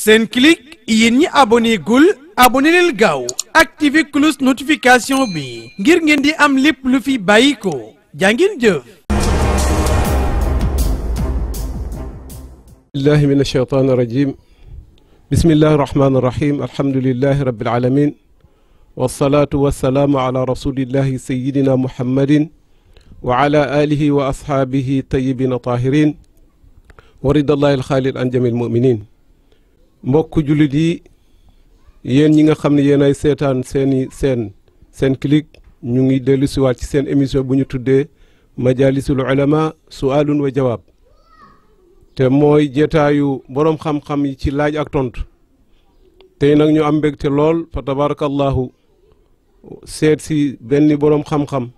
Senclic yéen ñi abonné gul abonné leen gaaw activé cloche notification bi ngir ngeen di am lépp lu fi bàyyi ko jàngin jëf billahi min alsheytan irajim bismillahi irrahmani irrahim alhamdulilahi rabilalamin walsalatu walsalaamu ala rasulillahi sayidina muhammadin wa ala alihi wa ashaabihi tayibina tahirin wa ridallahi alxaalil an jami almuminin mbokk jullit yi yéen ñi nga xam ne yéen ay seetaan seeni seen seen Senclic ñu ngi dellu siwaat ci seen émission bu ñu tuddee majalisul ulama sualun wa jawaab te mooy jetaayu boroom xam-xam yi ci laaj ak tontu tey nag ñu am mbégte lool fa tabarakallahu seet si benn boroom xam-xam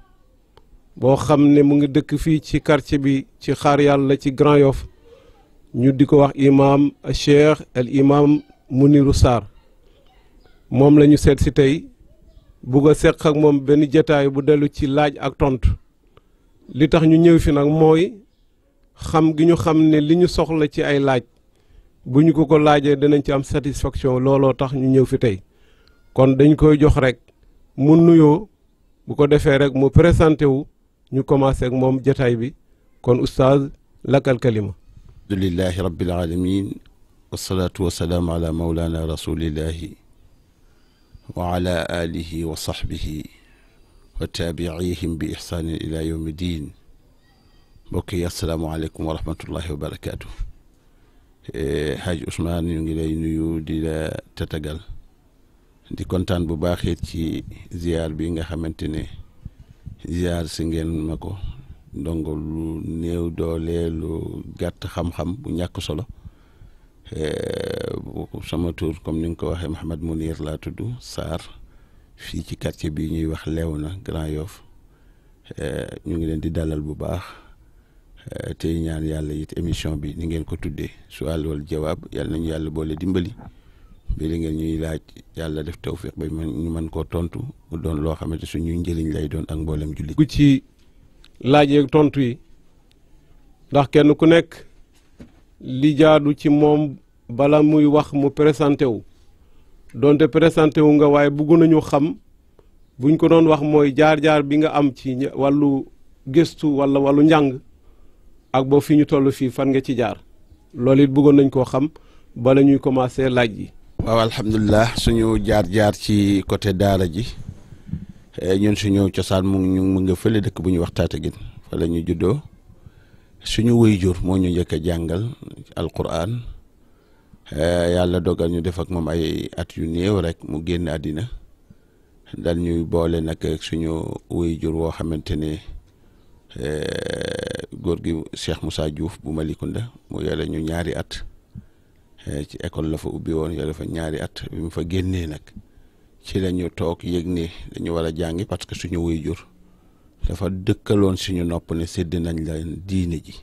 boo xam ne mu ngi dëkk fii ci karce bi ci xaar yàlla ci Grand Yoff ñu di ko wax imaam cheikh al imaam Muniru Sarr moom lañu seet si tey bugg a seq ak moom benn jataay bu dellu ci laaj ak tontu li tax ñu ñëw fi nag mooy xam gi ñu xam ne li ñu soxla ci ay laaj bu ñu ko ko laajee dinañ ci am satisfaction looloo tax ñu ñëw fi tey kon dañ koy jox rek mu nuyoo bu ko defee rek mu présenté wu ñu commencé ak moom jataay bi kon oustaz lakkal kalima alhamdulillahi rabbil alamin wasalaatu wasalaamu ala maulana rasulillahi wa ala alihi wa sahbihi wa taabicihim bi ixsaanin ila yawmi diin mbokk yi asalaamualeykum wa rahmatullahi wa barakaatu Haaj eh, Ousmane ñu ngi lay nuyu di la tatagal di kontaan bu baax it ci ziar bi nga xamante ne ziar si ngeen ma ko donc lu néew doole lu gàtt xam-xam bu ñàkk solo eh, sama tour comme ni nga ko waxee Mouhamed Mounir laa tudd Sarr fii ci quartier bi ñuy wax Léona Grand Yoff eh, ñu ngi leen di dalal bu baax eh, tey ñaan yàlla it émission bi ni ngeen ko tuddee suwaal wal jawaab yàlla nañu yàlla boole dimbali bi li ngeen ñuy laaj yàlla def tawfiq ba ñu mën koo tontu doon loo xamante suñuy njëriñ lay doon ak mboolem jullit. ci laaj yeeg tontu yi ndax kenn ku nekk li jaadu ci moom bala muy wax mu présenté wu donte présenté wu nga waaye bëggu nañu xam buñ ko doon wax mooy jaar-jaar bi nga am ci wàllu gëstu walla wàllu njàng ak boo fi ñu toll fii fan nga ci jaar loolu it bëggoon nañ koo xam bala ñuy commencé laaj yi waaw alhamdulilah suñu jaar-jaar ci côté daara ji Eh, ñun suñu cosaan mu ngi mu nga fële dëkk bu ñuy wax Tataguine fa la ñu juddoo suñu waajur moo ñu njëkk a jàngal alquran eh, yàlla dogal ñu def ak moom ay at yu néew rek mu génn àddina dal ñuy boole nag suñu waajur woo xamante ne eh, góor gi Cheikh Moussa Diouf bu Malicounda mu ñu ñaari at ci école la fa ubbi woon yore fa ñaari at bi fa génnee nag. ci la ñu toog yëg ni dañu war a jàngi parce que suñu waajur dafa dëkkaloon suñu nopp ne sédd nañ leen diine ji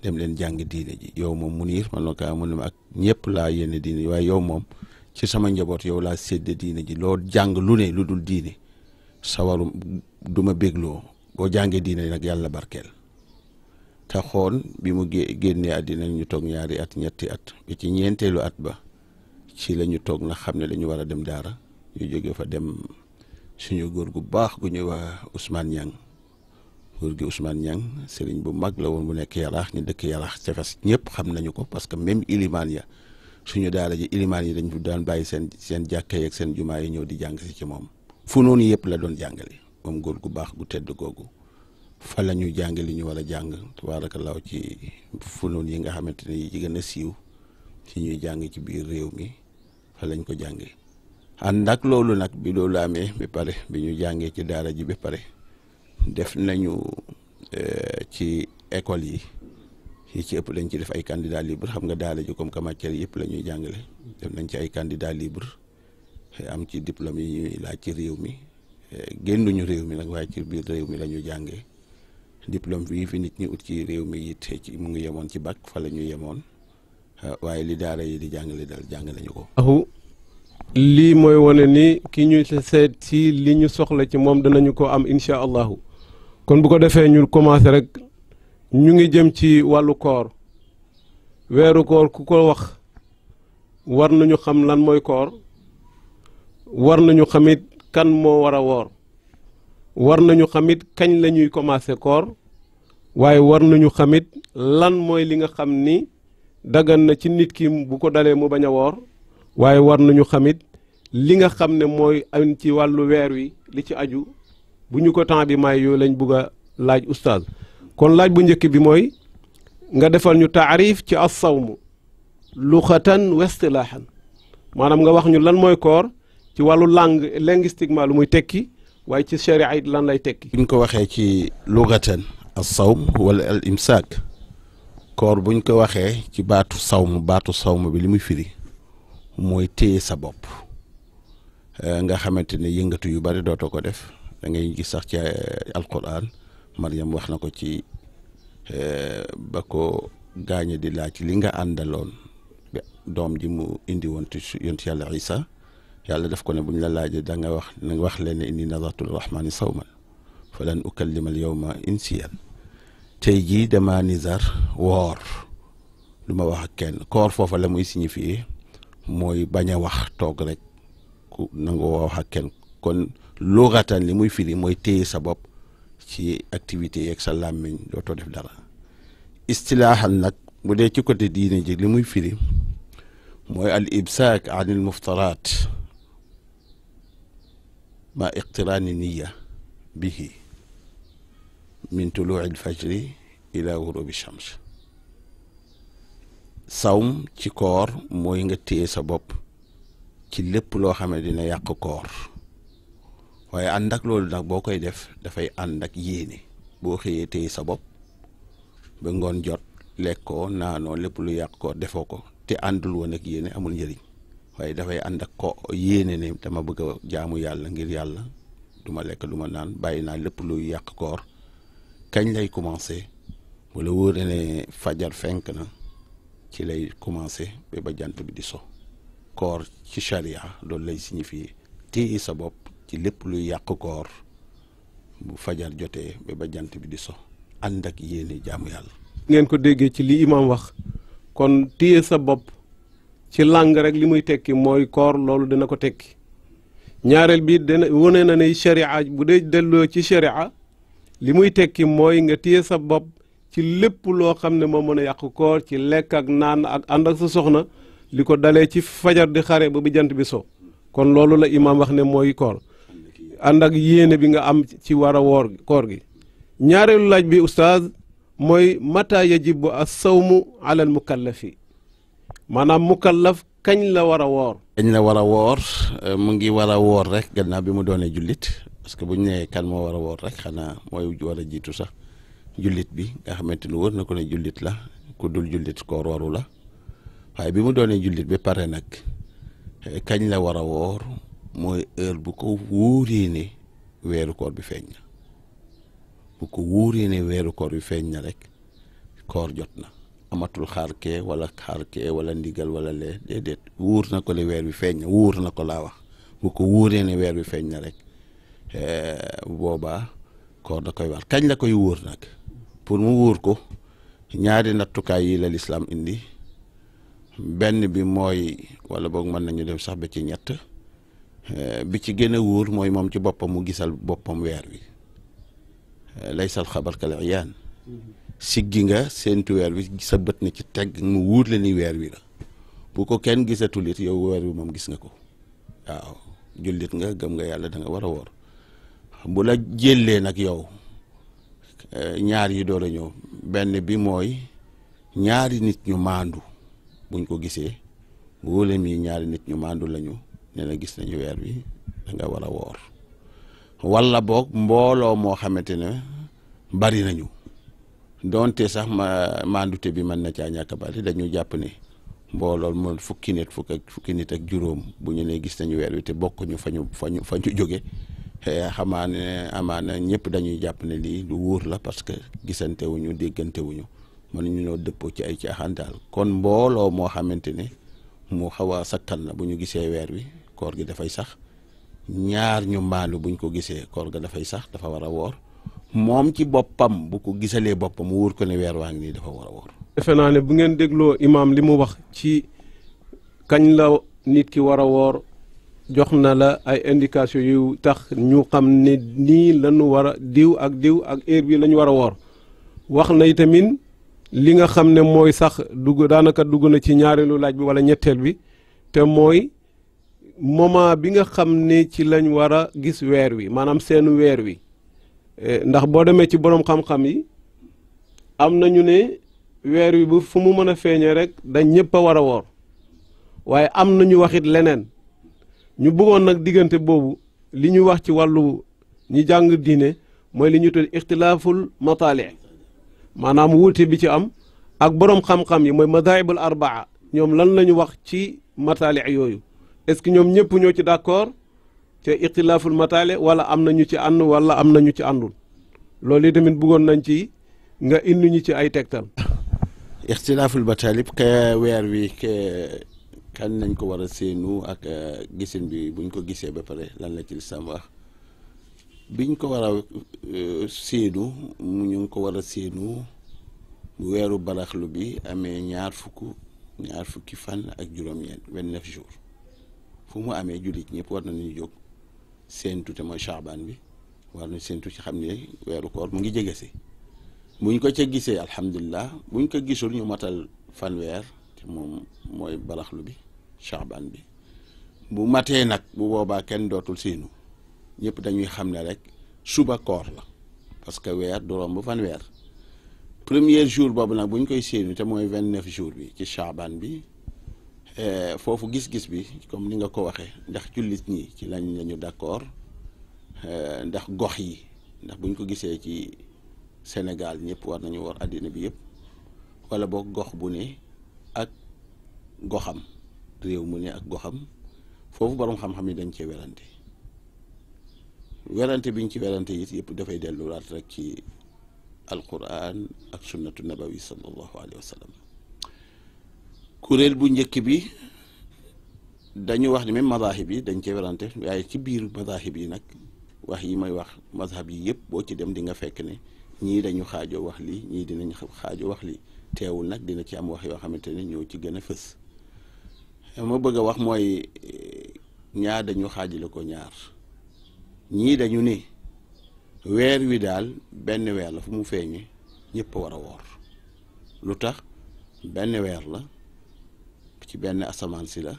dem leen jàng diine ji yow moom Mounir man la ko mun ak ñëpp laa yéene diine ji yow moom ci sama njaboot yow laa sédd diine ji loo jàng lu ne lu dul diine sawaru duma bégloo boo jàngee diine nag yàlla barkeel taxoon bi mu génnee àddina ñu toog ñaari at ñetti at bi ci ñeenteelu at ba ci la ñu toog na xam ne lañu war a dem daara ñu jóge fa dem suñu góor gu baax gu ñuy wax Ousmane Niang góor gi Ousmane Niang bu mag la woon bu nekk yalaax ñu dëkk yalaax cefes ñëpp xam nañu ko parce que même ilimaan ya suñu daara ji ilimaan yi dañ daan bàyyi seen seen jàkka yeeg seen jumaa yi ñëw di jàng si ci moom fu noonu yëpp la doon jàngale moom góor gu baax gu tedd googu fa la ñu jàng li ñu war a jàng tabaarakallaahu ci funoon yi nga xamante ne yi ci gën a siiw ci ñuy jàng ci biir réew mi fa lañ ko jàngee ànd ak loolu nag bi loolu amee bi bi ñu jàngee ci daara ji bi pare def nañu euh, ci école yi yi ci ëpp lañ ci def ay candidat libre xam nga daara ji comme que matière yëpp la jàngale def nañ ci ay candidat libre am ci diplôme yi ñuy laaj ci réew mi euh, génnuñu réew mi nag waaye ci biir réew mi la ñu jàngee diplôme bii fi nit ñi ut ci réew mi it ci mu ngi yemoon ci bac fa la ñu yemoon euh, waaye li daara yi di jàngale daal jàng ñu ko. lii mooy wane ni ki ñu seet si li ñu soxla ci moom danañu ko am incha allahu kon bu ko defee ñu commencé rek ñu ngi jëm ci wàllu koor weeru koor ku ko wax war nañu xam lan mooy koor war nañu xamit kan moo war a woor war nañu xamit kañ lañuy ñuy commencé koor waaye war nañu xamit lan mooy li nga xam ni dagan na ci nit ki bu ko dalee mu bañ a woor waaye war nañu xamit li nga xam ne mooy am ci wàllu weer wi li ci aju bu ñu ko temps bi may yooyu lañ bugg a laaj oustaz kon laaj bu njëkk bi mooy nga defal ñu taarif ci as-sawm luxatan wa istilaahan maanaam nga wax ñu lan mooy koor ci wàllu langue linguistiquement lu muy tekki waaye ci sharia it lan lay tekki. buñ ko waxee ci luxatan as-sawm wala al imsaak koor buñ ko waxee ci baatu mu baatu sawm bi li muy firi. mooy téye sa bopp eh, nga xamante ne yëngatu yu bari dootoo ko def da ngay gis sax ci eh, alquran Maryam wax na ko ci eh, ba ko gaañe di laaj li nga àndaloon doom ji mu indi woon ci yontu yàlla def yàlla daf ko ne bu ñu la laajee da wax na wax leen ne indi nazartu rahmaani sawman falan ukallima al yawma insiyan tey jii dama nizar woor lu ma wax kenn koor foofa la muy signifier mooy bañ a wax toog rek ku nangoo wax kenn kon luxatan li muy firi mooy téye sa bopp ci activité yeeg sa làmmiñ dootoo def dara istilaahan nag bu dee ci côté diine ji li muy firi mooy al ibsaak anil muftaraat ma iqtiraani niya bihi min tuluuci alfajri ila gurubi shams sawm ci koor mooy nga téye sa bopp ci lépp loo xam ne dina yàq koor waaye ànd ak loolu nag boo koy def dafay ànd ak yéene boo xëyee téye sa bopp ba ngoon jot lekkoo naanoo lépp lu yàq koor defoo ko te àndul woon ak yéene amul njëriñ waaye dafay ànd ak ko yéene ne dama bëgg a jaamu yàlla ngir yàlla duma lekk du ma naan bàyyi naa lépp luy yàq koor kañ lay commencé wala wóor ne fajar fenk na ci lay commencé ba ba jant bi di so koor ci charia loolu lay signifié téye sa bopp ci lépp luy yàq koor bu fajar jotee ba ba jant bi di so ànd ak yéene jaamu yàlla. ngeen ko déggee ci li imaam wax kon téye sa bopp ci làng rek li muy tekki mooy koor loolu dina ko tekki ñaareel bi dina wone na ne charia bu dee delloo ci charia li muy tekki mooy nga téye sa bopp. ci lépp loo xam ne moo mën a yàq koor ci lekk ak naan ak ànd ak sa soxna li ko dalee ci fajar di xare ba bi jant bi so kon loolu la imam wax ne mooy koor ànd ak yéene bi nga am ci war a woor koor gi ñaareelu laaj bi oustaz mooy mata yajibu as-sawmu ala al mukallafi maanaam mukallaf kañ la war a woor kañ la war a woor euh, mu ngi war a woor rek gannaaw bi mu doonee jullit parce que bu ñu kan moo war a woor rek xanaa mooy war a jiitu sax jullit bi nga xamante ni wër na ko ne jullit la ku dul jullit koor waru la waaye bi mu doonee jullit bi pare nag eh, kañ la war a woor mooy heure bu ko wóoree ne weeru koor bi feeñ na bu ko weeru koor bi feeñ na rek koor jot na amatul xaar kee wala xaar kee wala ndigal walla lee déedéet wóor na ko ne weer bi feeñ na wóor na ko laa wax bu ko wóoree ne weer bi feeñ na rek eh, booba koor da koy war kañ la koy wóor nag pour mu wóor ko ñaari nattukaay yi la lislaam indi benn bi mooy wala boog mën nañu dem sax ba ci ñett eh, bi ci gën a wóor mooy moom ci boppam mu gisal boppam weer wi eh, laysal xabar kal iyaan siggi nga seentu weer wi sa bët na ci teg mu wóor la ni weer wi la bu ko kenn gisatul it yow weer wi moom gis nga ko waaw jullit nga gëm nga yàlla danga war a woor bu la jëlee nag yow ñaar yi door a ñëw benn bi mooy ñaari nit ñu màndu buñ ko gisee wóolem yi ñaari nit ñu màndu lañu nee na gis nañu weer bi da nga war a woor walla boog mbooloo moo xamante ne bari nañu doonte sax ma maandute bi mën na a ñàkk a bari dañu jàpp ne mboolool moom fukki nit fukki nit ak juróom bu ñu ne gis nañu weer wi te bokkuñu fa ñu fa ñu fa ñu jóge xamaane ne amaana ñëpp dañuy jàpp ne lii lu wóor la parce que gisantewuñu wuñu déggante wuñu mënuñu noo dëppoo ci ay caaxaan daal kon mbooloo moo xamante ne mu xaw a sakkan la bu ñu gisee weer wi koor gi dafay sax ñaar ñu maalu buñ ko gisee koor ga dafay sax dafa war a woor moom ci boppam bu ko gisalee boppam mu wóor ko ne weer waa ngi nii dafa war a woor. defe bu ngeen dégloo imaam li mu wax ci kañ la nit ki war a woor jox na la ay indication yu tax ñu xam ni nii lañu war a diw ak diw ak heure bi la ñu war a woor wax na yitamit li nga xam ne mooy sax dugg daanaka dugg na ci ñaareelu laaj bi wala ñetteel bi te mooy moment bi nga xam ne ci lañ war a gis weer wi maanaam seen weer wi e, ndax boo demee ci boroom xam-xam yi am nañu ne weer wi bu fu mu mën a feeñee rek dañ ñëpp a war a woor waaye am nañu waxit leneen ñu bëggoon nag diggante boobu li ñuy wax ci wàllu ñi jàng diine mooy li ñu tudd ixtilaaful mataali maanaam wuute bi ci am ak boroom xam-xam yi mooy madaahibul arbaa ñoom lan la ñu wax ci mataali yooyu est-ce que ñoom ñëpp ñoo ci d'accord te ixtilaaful mataali wala am na ñu ci ànd wala am na ñu ci àndul loolu yi tamit bëggoon nañ ci nga indi ñu ci ay tegtal ixtilaaful mataali weer wi kan nañ ko war a séenu ak euh, gisin bi buñ ko gisee ba pare lan la ci lislaam wax biñ ko war a euh, séenu mu ñu ngi ko war a séenu bu weeru baraxlu bi amee ñaar fukk ñaar fukki fan ak juróom-ñeent jours fu mu amee jullit ñëpp war nañu jóg séentu te mooy Shaabaan bi war nañ séentu ci xam ne weeru koor mu ngi jege si buñ ko ca gisee alhamdulilah buñ ko gisul ñu matal fanweer te moom mooy baraxlu bi Chaabaan bi bu matee nag bu boobaa kenn dootul siinu ñëpp dañuy xam ne rek suba koor la parce que weer du romb fanweer premier jour boobu nag bu ñu koy séenu te mooy vingt neuf jour bi ci Chaabaan bi eh, foofu gis-gis bi comme ni nga ko waxee ndax jullit ñi ci lañ lañu d'accord eh, ndax gox yi ndax buñ ko gisee ci Sénégal ñëpp war nañu war àddina bi yëpp walla boog gox bu ne ak goxam réew mu ne ak goxam foofu boroom xam-xam yi dañ cee werante werante biñ ci werante it yëpp dafay delluwaat rek ci alquran ak sunnatu nabawi sallallahu alayhi wa kuréel bu njëkk bi dañu wax ni même mazahib yi dañ cee werante waaye ci biir mazahib yi nag wax yi may wax mazhab yi yëpp boo ci dem di nga fekk ne ñii dañu xaajoo wax lii ñii dinañ xaajoo wax li teewul nag dina ci am wax yoo xamante ne ñoo ci gën a fës ma bëgg a wax mooy ñaar dañu xaajale ko ñaar ñii dañu ni weer wi daal benn weer la fu mu feeñee ñëpp war a woor lu tax benn weer la ci benn asamaan si la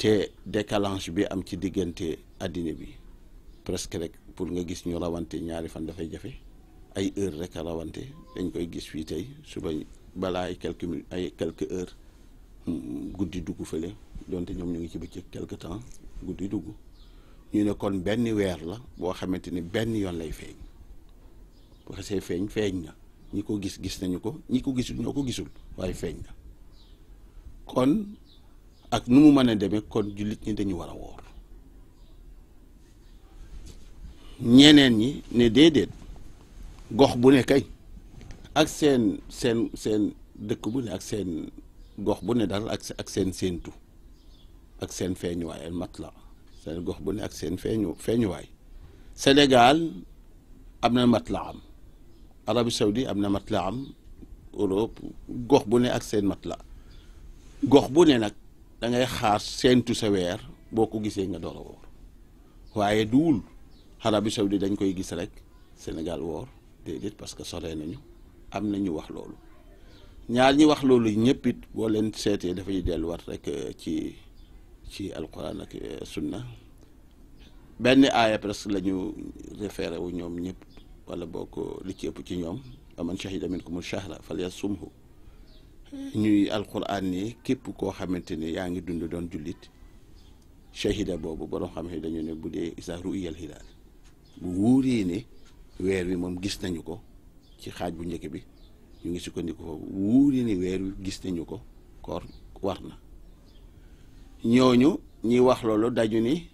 te décalage bi am ci diggante àddina bi presque rek pour nga gis ñu rawante ñaari fan dafay jafe ay heure rek a rawante dañ koy gis fii tey suba balaa ay quelques minutes ay quelques heures guddi dugg fële donte ñoom ñu ngi ci bëccëg quelque temps guddi dugg ñu ne kon benn weer la boo xamante ni benn yoon lay feeñ bu xasee feeñ feeñ na ñi ko gis gis nañu ko ñi ko gisul ñoo ko gisul waaye feeñ na kon ak nu mu mën a demee kon jullit ñi dañu war a woor ñeneen ñi ne déedéet gox bu ne kay ak seen seen seen dëkk bu ne ak seen gox bu ne dal ak ak seen séentu ak seen feeñuwaay al matla seen gox bu ne ak seen feeñu feeñuwaay senegaal am na matla am Arabie Saoudi am na matla am Europe gox bu ne ak seen matla gox bu ne nag dangay xaar séentu sa weer boo ko gisee nga door a woor waaye duwul Arabie Saoudi dañ koy gis rek Sénégal woor déedéet parce que soree nañu am na ñu wax loolu. ñaar ñi wax loolu ñëpp it boo leen seetee dafay delluwaat rek euh, ci ci alquran ak euh, sunna benn aaya presque la ñu ñoom ñëpp wala boo ko li ci ëpp ci ñoom aman shahida minkumul shahra falyasumhu ñuy alquran ni képp koo xamante ni yaa ngi dund doon jullit shahida boobu borom xam ne dañu ne bu dee isa ru'iyal hilaal bu wóoree ne weer wi moom gis nañu ko ci xaaj bu njëkk bi ñu ngi sukkandiku foofu wuuri ni weer wi gis nañu ko kor war na ñooñu ñi wax loolu dañu ni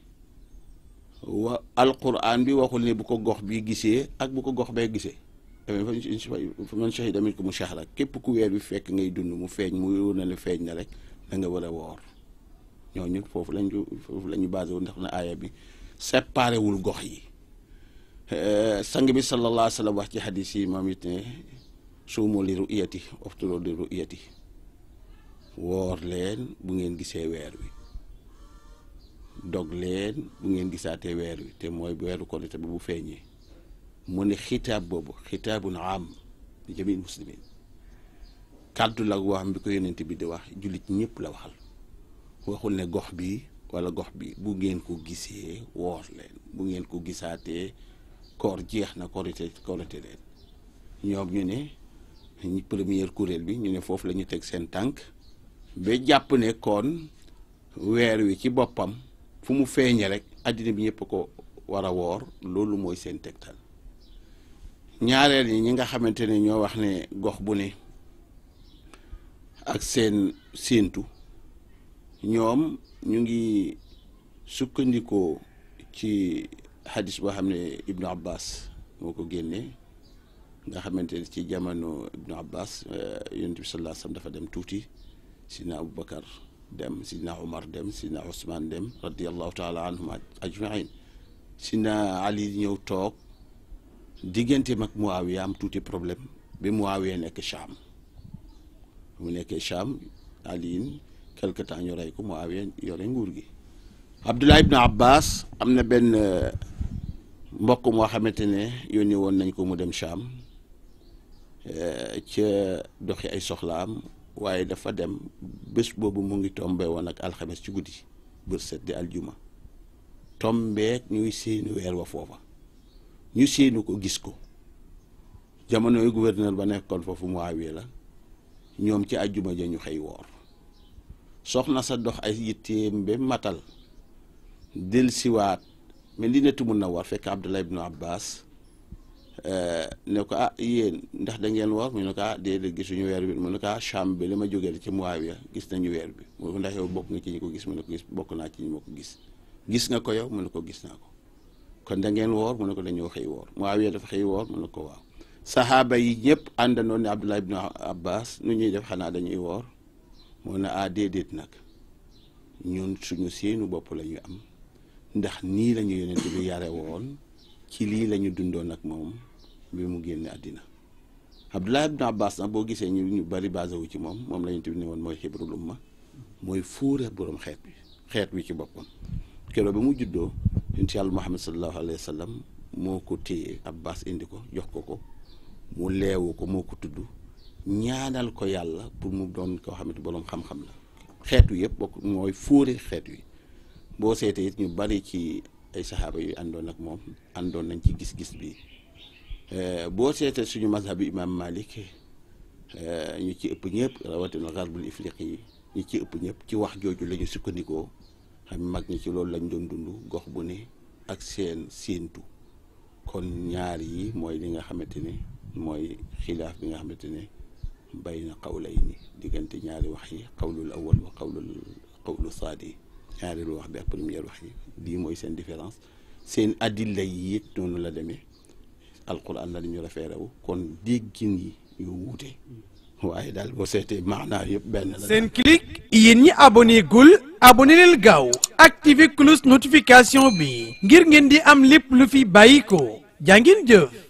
wa alquran bi waxul ni bu ko gox bi gisee ak bu ko gox bee gisee man shahida ko mu shahra képp ku weer bi fekk ngay dund mu feeñ mu wóor na ne feeñ na rek da nga war a woor ñooñu foofu lañ foofu la wu ndax na aaya bi séparé gox yi eh, sang bi sallallahu alayhi wa sallam wax ci hadis yi moom it ne suumu li ru'yati oftaloo li ru'yati woor leen bu ngeen gisee weer wi dog leen bu ngeen gisaatee weer wi te mooy weeru korite bi bu feeñee mu ne xitaab boobu xitaabun am li jamil muslimin kàddu la wax bi ko yonent bi di wax jullit ñëpp la waxal waxul ne gox bi wala gox bi bu ngeen ko gisee woor leen bu ngeen ko gisaatee koor jeex na korite korite leen ñoom ñu ne ñi première kuréel bi ñu ne foofu la ñu teg seen tànk ba jàpp ne koon weer wi ci boppam fu mu feeñe rek àddina bi ñëpp ko war a woor loolu mooy seen tegtal ñaareel yi ñi nga xamante ne ñoo wax ne gox bu ne ak seen séentu ñoom ñu ngi sukkandikoo ci hadis boo xam ne Ibnu Abbas moo ko génnee nga xamante ne ci jamono Ibnu Abbas eh, yonent bi sallallahu alayhi dafa dem tuuti sidna Aboubacar dem sidna Omar dem sidna Ousmane dem radiyallahu taala anhum ajmain sidna Ali ñëw toog diggante mag Muawiya am tuuti problème bi Muawiya nekk Cham mu nekkee Cham Ali quelque temps ñu rey ko Muawiya yore nguur gi Abdullah ibn Abbas am na benn eh, mbokk moo xamante ne yónni woon nañ ko mu dem Cham Eh, ca doxi ay soxlaam waaye dafa dem bés boobu mu ngi tombe woon ak alxames ci guddi bër set di aljuma tombeek ñuy seeni weer wa foofa ñu seeni ko gis ko jamonoy gouverneur ba nekkoon foofu mu waawee la ñoom ci ajjuma ja ñu xëy woor soxna sa dox ay yitteem ba matal del siwaat Medinatu Munawwar fekk Abdullah ibnu Abbas Eh, ne ko ah yéen ndax da ngeen woor mu ne ko ah déedéet gisuñu weer bi mu ne ko ah chambre bi la ma jógee ci Muawiya gis nañu weer bi mu ne ko ndax yow bokk nga ci ñi ko gis mu ne ko gis bokk naa ci ñi ma ko gis gis nga ko yow mu ne ko gis naa ko kon da ngeen woor mu ne ko dañoo xëy woor Muawiya dafa xëy woor mu ne ko waaw saxaaba yi ñëpp àndandoo ne Abdullah ibn Abbas nu ñuy def xanaa dañuy woor mu ne ah déedéet nag ñun suñu seenu bopp la am ndax nii lañu ñu yonent bi yare woon ci lii la ñu dundoon ak moom bi mu génne àddina Abdullah ibn Abbas nag boo gisee ñu ñu bari basé wu ci moom moom la ñu tudd ne woon mooy xibrul umma mooy fuure boroom xeet bi xeet wi ci boppam keroog bi mu juddoo incha allah Muhammad sallallahu alayhi wa moo ko téye Abbas indi ko jox ko ko mu leewu ko moo ko tudd ñaanal ko yàlla pour mu doon koo xamante boroom xam-xam la xeet wi yëpp bokk mooy fuure xeet wi boo seetee it ñu bari ci ay saxaaba yu àndoon ak moom àndoon nañ ci gis-gis bi. Eh, boo seetee suñu mazhab bi imaam Malik eh, ñu ci ëpp ñëpp rawatina garbul ifriqi yi ñu ci ëpp ñëpp ci wax jooju lañu sukkandikoo xam mag ñi ci loolu lañ doon dund gox bu ne ak seen séentu kon ñaar yi mooy li nga xamante ne mooy xilaaf bi nga xamante ne bay na xawlay ni diggante ñaari wax yi xawlul awal wa xawlul xawlu saadi ñaareelu wax bi ak première wax yi lii mooy seen différence seen adilla yi it noonu la demee alquran la ñu référé wu kon déggin yi yu wuute waaye daal boo seetee maanaa yëpp benn la. seen clic yéen ñi abonné gul abonné gaaw activé cloche notification bi ngir ngeen di am lépp lu fi bàyyi ko jaa ngeen jëf.